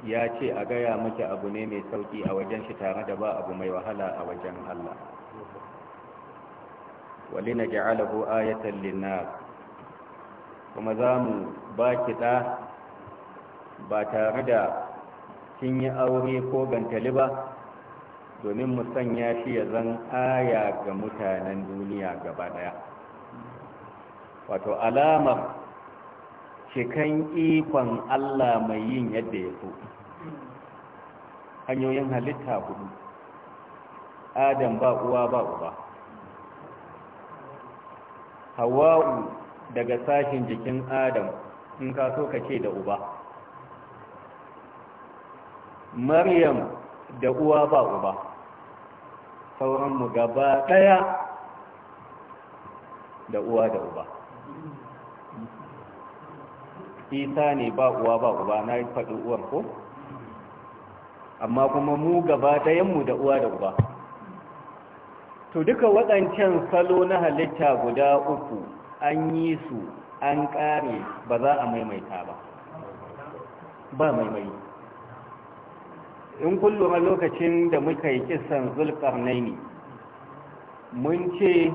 ya ce a gaya miki abu ne mai sauki a wajen shi tare da ba abu mai wahala a wajen Allah walina ja'alahu ayatan linnas kuma za mu ba kiɗa ba tare da kin yi aure ko gantali ba domin mu sanya shi ya zan aya ga mutanen duniya gaba ɗaya wato alamar cikan ikon allah mai yin yadda ya so hanyoyin halitta hudu adam ba uwa ba uba hawa'u daga sashin jikin adam in ka so ka ce da uba maryam da uwa ba uba sauranmu gaba ɗaya da uwa da uba isa ne ba uwa ba uba na yi faɗi uwan ko amma kuma mu gaba ɗayanmu da uwa da uba to duka waɗancan salo na halitta guda uku an yi su an ƙare ba za a maimaita ba ba maimai in kullum a lokacin da muka yi kisan naini mun ce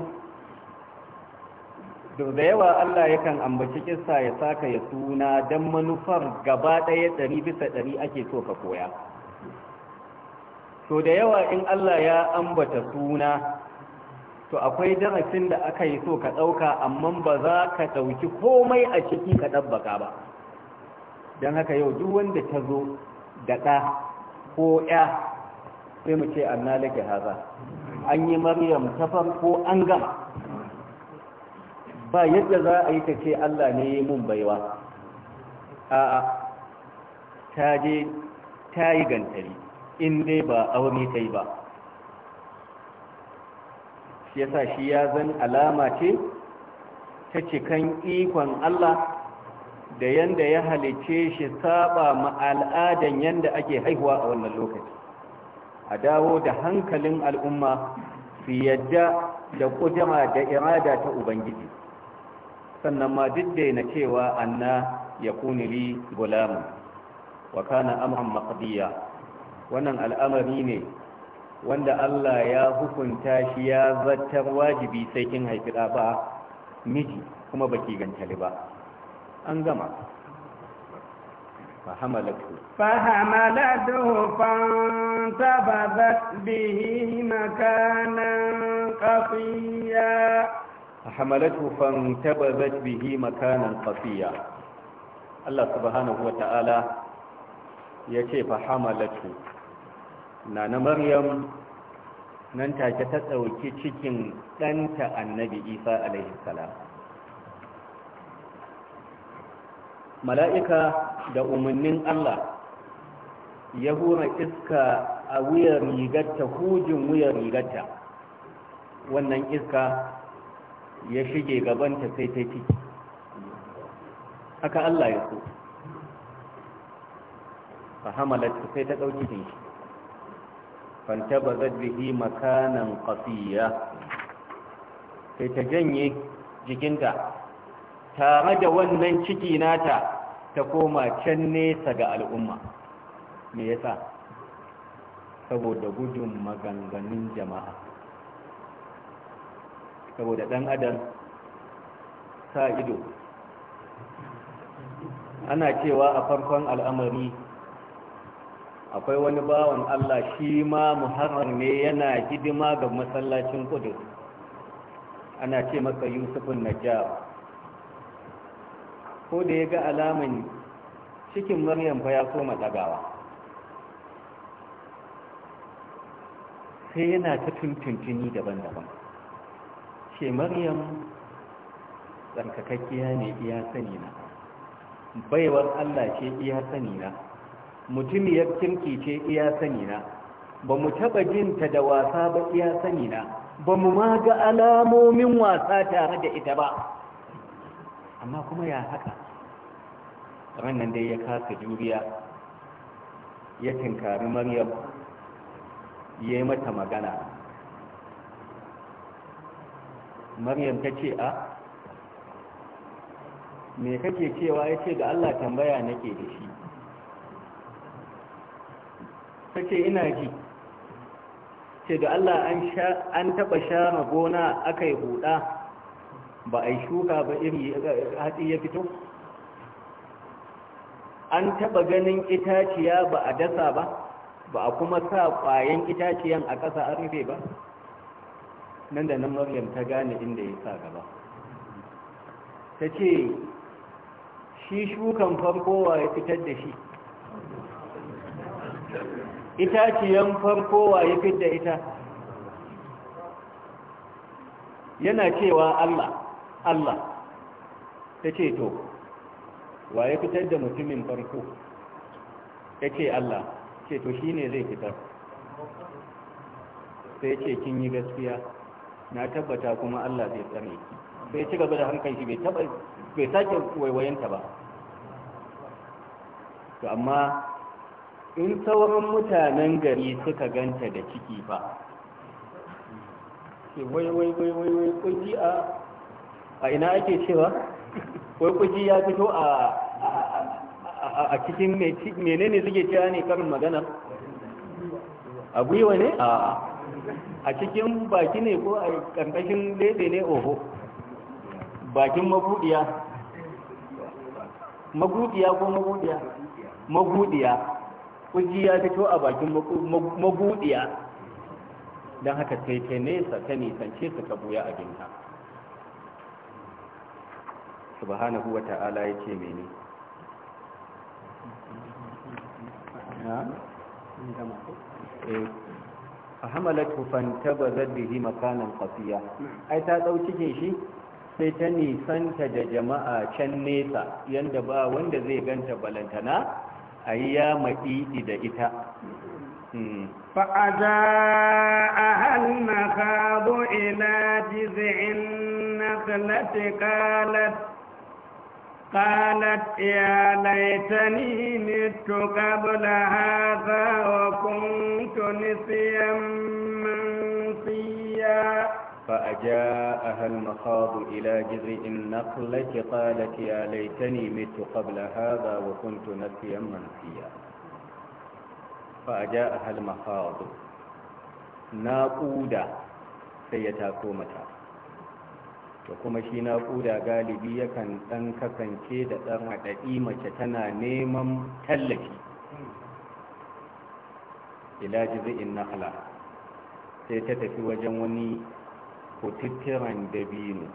da yawa Allah yakan ambaci kisa ya saka ya suna don manufar gaba ɗaya ɗari bisa ɗari ake so ka koya so da yawa in Allah ya ambata suna to akwai darasin da aka yi so ka ɗauka amma ba za ka ɗauki komai a ciki ka ɗabbaka ba don haka yau duk wanda ta zo da ɗa ko ya sai mu ce an nalika haza an yi maryam ta farko an gama ba yadda za a yi ta ce allah ne yi mun baiwa a'a ta je ta yi gantari in dai ba aure ta yi ba shi yasa shi ya zan alama ce ta cikan ikon Allah da yanda ya halice shi saba ma al'adan yanda ake haihuwa a wannan lokaci a dawo da hankalin al'umma su yadda da kujama da irada ta ubangiji sannan ma duk cewa anna ya kunili gulamu wa kana amran maqdiya wannan al'amari ne wanda Allah ya hukunta shi ya zartar wajibi sai kin haifi da ba miji kuma baki gantali ba an gama فحملته فانتبذت به مكانا قصيا فحملته فانتبذت به مكانا قصيا الله سبحانه وتعالى يتي فحملته Nana maryam nan take ta ɗauki cikin ɗanta annabi isa alaihi salam mala'ika da umarnin allah ya hura iska a wuyar rigarta hujin wuyar rigarta wannan iska ya shige gabanta sai ta ciki haka allah ya so fa sai ta ɗauki cikin fantabazat bihi makanan kafiya sai ta janye jikinta tare da wannan ciki nata ta koma can nesa ga al'umma me yasa saboda gudun maganganun jama'a saboda dan adam sa ido ana cewa a farkon al'amari akwai wani bawan Allah shi ma muharrar ne yana hidima ga masallacin kudus ana ce maka yusufun najjar ko da ya ga alaman cikin maryam fa ya koma dagawa sai yana ta tuntuntuni daban-daban ce maryam tsarkakakkiya ne iya sani na baiwar allah ce iya sani na mutumiyar kirki ce iya sani na ba mu taba jinta da wasa ba iya sani na ba mu ma ga alamomin wasa tare da ita ba amma kuma ya haka rannan dai ya kasa juriya ya tinkari maryam ya yi mata magana maryam ta ce a me kake cewa ya ce ga allah tambaya nake da shi ta ce ina ji ce da Allah an taba share gona aka yi huɗa ba a yi shuka ba iri hatsi ya fito an taba ganin itaciya ba a dasa ba ba a kuma sa ƙwayan itaciyan a ƙasa an rufe ba nan da nan maryam ta gane inda ya sa gaba ta ce shi shukan farko wa ya fitar da shi ita yan farko wa ya fidda ita yana cewa Allah Allah ta ce to wa ya fitar da mutumin farko ya ce Allah ce to shi ne zai fitar sai ce kin yi gaskiya na tabbata kuma Allah zai tsare sai ci gaba da hankali shi bai sake waiwayenta ba to amma in sauran mutanen gari suka ganta da ciki ba ke wai wai wai wai wai kuji a a ina ake cewa wai kuji ya fito a a cikin menene suke cewa ne karin magana a gwiwa ne a a cikin baki ne ko a ƙarƙashin lebe ne oho bakin magudiya magudiya ko magudiya magudiya kuji ya fito a bakin magudiya don haka sai ta nesa ta nisance su ta buya abinta subhanahu wa ta'ala ya ce mene eh. a hamalar tufanta ba zaddihi makanan kafiya ai ta ɗau cikin shi sai ta nisanta da jama'a can nesa yadda ba wanda zai ganta balantana ayya yi ya da ita hmm. fa’aza a hannu kagbo ila jizi in na tsanaci kalat ya laita ni mito kabula wa kuntunisiyan mun فأجاءها المخاض إلى جذع النخلة قالت يا ليتني مت قبل هذا وكنت نسيا منسيا فأجاءها المخاض ناقودة سيتاكومتا to kuma shi naƙuda galibi yakan ɗan kasance da ɗan haɗaɗi mace tana neman tallafi ila jizi'in nakhla sai ta tafi wajen wani kututturan dabino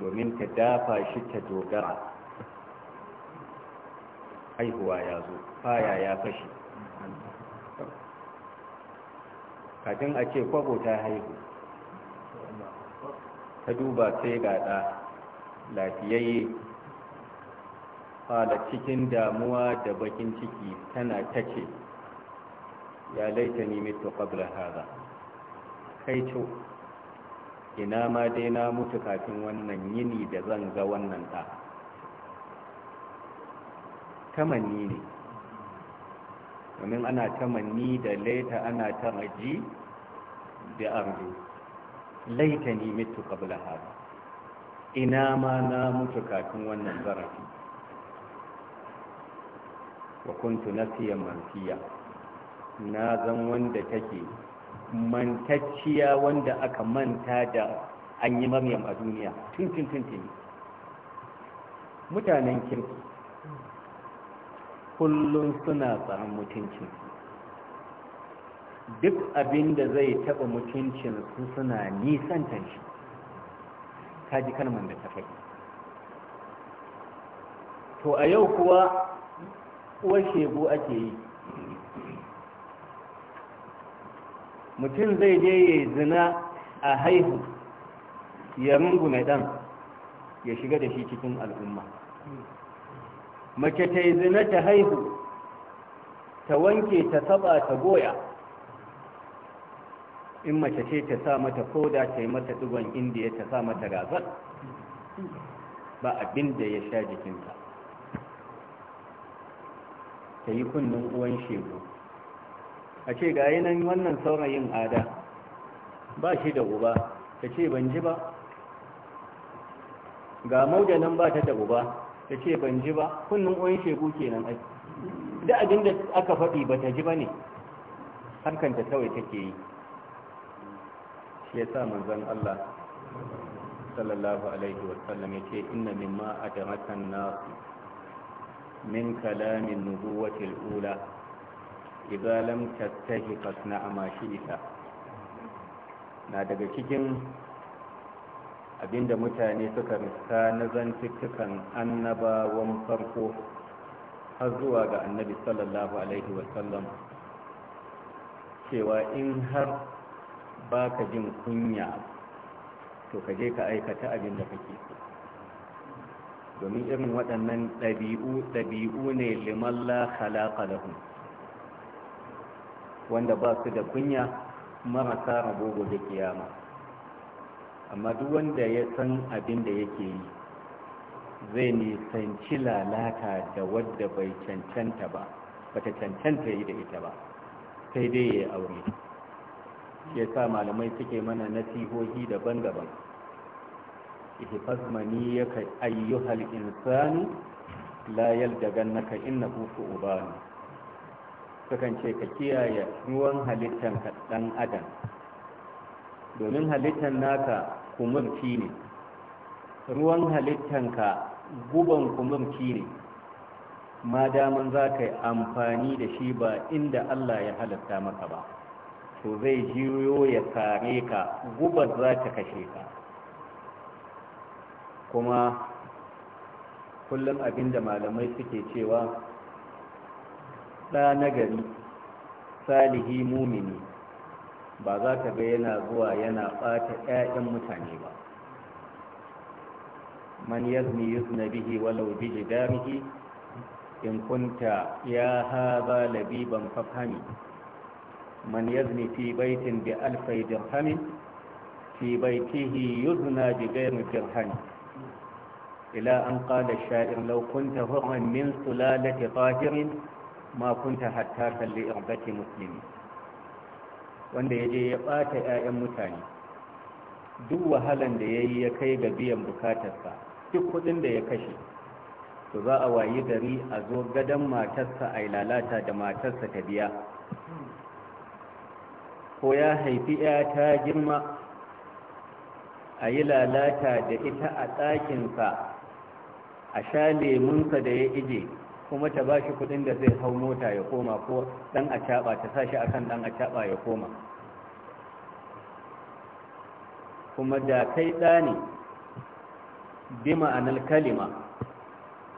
domin ta dafa shi ta dogara haihuwa ya zo faya ya fashi kafin a ce kwabo ta haihu ta duba sai ga lafiyayye fada cikin damuwa da bakin ciki tana ta ce ya laita nemi to kwabla haza kai co ina ma dai na mutu kafin wannan yini da zan ga wannan ɗa tamanni ne domin ana tamanni da laita ana tamaji da arzu laita ni mitu kabla hada ina ma na mutu kafin wannan zarafi wa kuntu nasiyan mansiya na zan wanda take mantacciya wanda aka manta da an yi maryam a duniya tuntun tuntun mutanen kirki kullum suna tsaron mutuncin duk abin da zai taɓa mutuncin su suna nisantar shi ji kalman da ta faɗi to a yau kuwa uwar shegu ake yi mutum zai je ya zina a haihu ya mai ɗan ya shiga da shi cikin al'umma mace ta yi zina ta haihu ta wanke ta saba ta goya in mace ce ta sa mata koda ta yi mata digon indiya ta sa mata raza, ba abin da ya sha jikinta ta yi kunnen uwan shegu a ce ga nan wannan saurayin ada ba shi da uba ta ce ban ji ba ga mauda nan ba ta da uba ta ce ban ji ba kunnin oyin shegu kenan ai da abin da aka faɗi ba ta ji ba ne hankanta kawai take yi shi ya sa manzan Allah sallallahu alaihi wasallam ya ce inna mimma a jamatan nasu min kalamin nubuwatil ula idan lam tattahi fasna amma shi ita na daga cikin abinda mutane suka riska na zantuttukan annabawan farko har zuwa ga annabi sallallahu alaihi wasallam cewa in har ba ka jin kunya to ka je ka aikata abin da kake domin irin waɗannan ɗabi'u ɗabi'u ne liman khalaqa lahum wanda ba su da kunya marasa rabo gobe kiyama amma duk wanda ya san abin da yake yi zai nisanci lalata da wadda bai cancanta ba bata cancanta yi da ita ba sai dai ya aure ya sa malamai suke mana nasihohi daban-daban ya ka ayyuhal insanu la yaldagannaka kufu ubanu sukan ce ka kiyaye ruwan halittan ka dan adam domin halittan naka kumurki ne ruwan halittan ka guban kumurki ne ma daman za ka yi amfani da shi ba inda Allah ya halatta maka ba to zai jiyo ya kare ka gubar za ta kashe ka kuma kullum abinda malamai suke cewa ɗa na gari salihi mumini ba za ka ga yana zuwa yana ɓata 'ya'yan mutane ba man yazni yuzna bihi walau bi jidarihi in kunta ya haza labiban fafhami man yazni fi baitin bi alfai dirhamin fi baitihi yuzna bi ghairi dirhamin ila an qala shair law kunta min sulalati tahirin ma kunta hatta kalli irbati muslimi wanda ya je ya bata ƴaƴan mutane duk wahalan da yayi ya kai ga biyan bukatarsa duk kudin da ya kashe to za a wayi gari a zo gadon matarsa a lalata da matarsa ta biya ko ya haifi ya ta girma a yi lalata da ita a tsakinsa. a sha lemunsa da ya ije kuma ta bashi shi kudin da zai hau mota ya koma ko dan a caba ta sashi akan dan a caba ya koma kuma da kai ɗani bi ma'anar kalima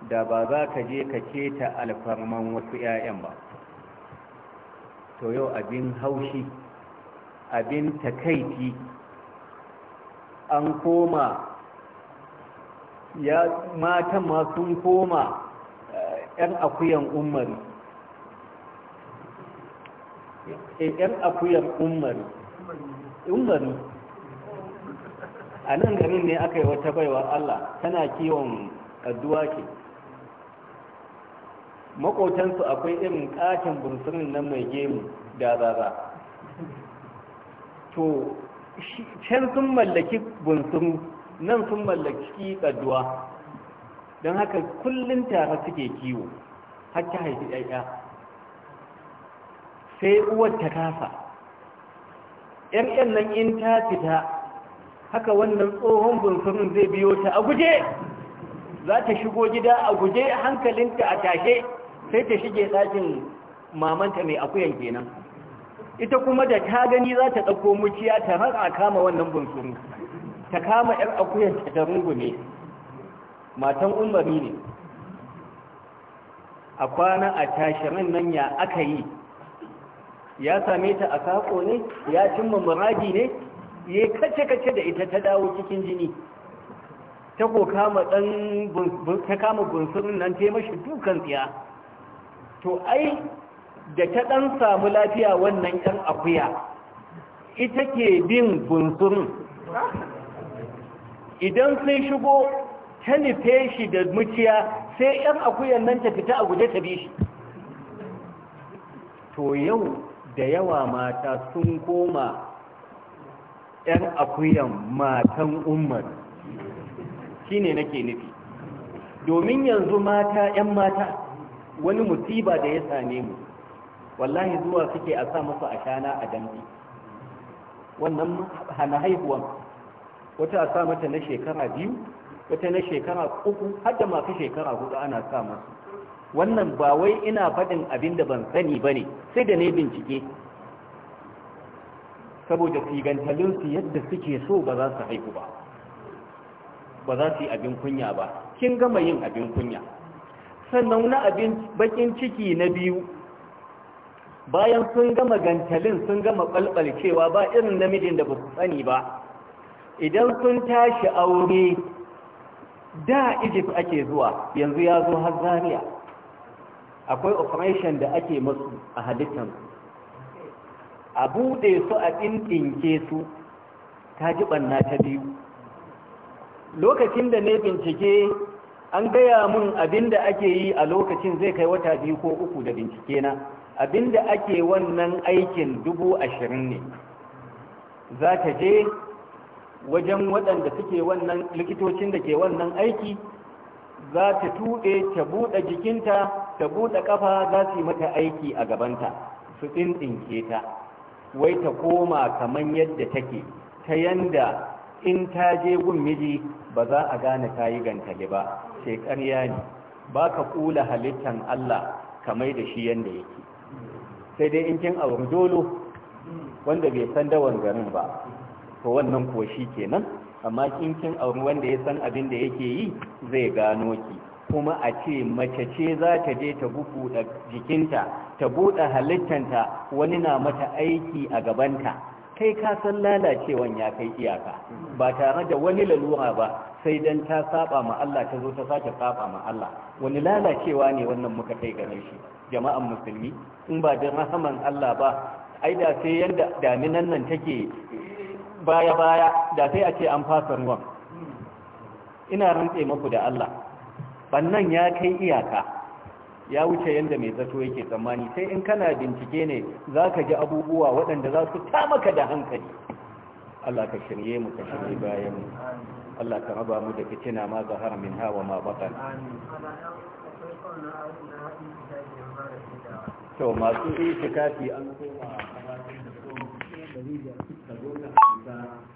da ba za ka je ka ta alfarman wasu 'ya'yan ba to yau abin haushi abin takaiti an koma ya matan ma sun koma 'yan akuyan umari eh, ‘yan akuyan umari umari a nan garin ne aka yi wata baiwa Allah tana kiwon kaduwa ke makotansu akwai irin ƙashin bursunin nan mai gemu da zaza to can sun mallaki bunsuru nan sun mallaki kaduwa. don haka kullum tare suke kiwo har ta haifi ƴaƴa sai uwar ta kasa ƴan nan in ta fita haka wannan tsohon bunsurin zai biyo ta a guje za ta shigo gida a guje hankalinta a tashe sai ta shige ɗakin mamanta mai akuyan kenan ita kuma da ta gani za ta ɗauko muciya ta raka kama wannan bunsuru ta kama ‘yar akuyan ta rungume matan umari ne a kwana a tashirin nan ya aka yi ya same ta a sako ne ya cimma muradi ne ya kace-kace da ita ta dawo cikin jini ta kama dan ta kama gunsurin nan ta mashi dukan tsiya to ai da ta dan samu lafiya wannan yan akuya ita ke bin gunsurin idan sai shigo ta nufe shi da muciya sai ‘yan akuyan nan ta fita a guje ta bi shi to yau da yawa mata sun koma ‘yan akuyan matan umar shi ne nake nufi domin yanzu mata ‘yan mata wani musiba da ya same mu wallahi zuwa suke a sa musu a shana a dambi wannan hana haihuwan wata a sa mata na shekara biyu wata na shekara uku har da masu shekara hudu ana sa masu wannan ba wai ina faɗin abin da ban sani ba ne sai da ne bincike saboda sigantalinsu yadda suke so ba za su haihu ba ba za su yi abin kunya ba kin gama yin abin kunya sannan wani abin bakin ciki na biyu bayan sun gama gantalin sun gama ɓalɓalcewa ba irin namijin da ba su sani ba idan sun tashi aure da egypt ake zuwa yanzu ya zo har Zaria. akwai operation da ake masu a halittar a buɗe su a ɗinɗinke su ta ji ɓanna ta biyu lokacin da ne bincike an gaya mun abinda ake yi a lokacin zai kai wata biyu ko uku da bincike na abin da ake wannan aikin dubu ashirin ne za ta je wajen waɗanda suke wannan likitocin da ke wannan aiki za ta tuɗe ta buɗe jikinta ta buɗe ƙafa za su yi mata aiki a gabanta su tsintsinke ta wai ta koma kaman yadda take ta yanda in ta je gun miji ba za a gane ta yi ne ba sai ƙarya ne ba ka ƙula halittan Allah kamar da shi yanda yake sai dai in kin auri dolo wanda bai san dawan garin ba to wannan kuwa shi kenan amma kinkin auri wanda ya san abin da yake yi zai gano ki kuma a ce mace ce za ta je ta da jikinta ta buɗe halittanta wani na mata aiki a gabanta kai ka san lalacewan ya kai iyaka ba tare da wani lalura ba sai dan ta saba ma Allah ta zo ta sake saba ma Allah wani lalacewa ne wannan muka kai gare shi jama'an musulmi in ba da rahaman Allah ba ai da sai yadda daminan nan take baya-baya da sai a ce an fasa ruwan ina rantse maku da Allah bannan ya kai iyaka ya wuce yadda mai zato yake tsammani sai in kana bincike ne za ka ji abubuwa waɗanda za su tamaka da hankali Allah ka shirye mu ka shirye bayan mu Allah ka raba mu da fitina ma ga haramin hawa ma bakan to masu itikafi an koma sa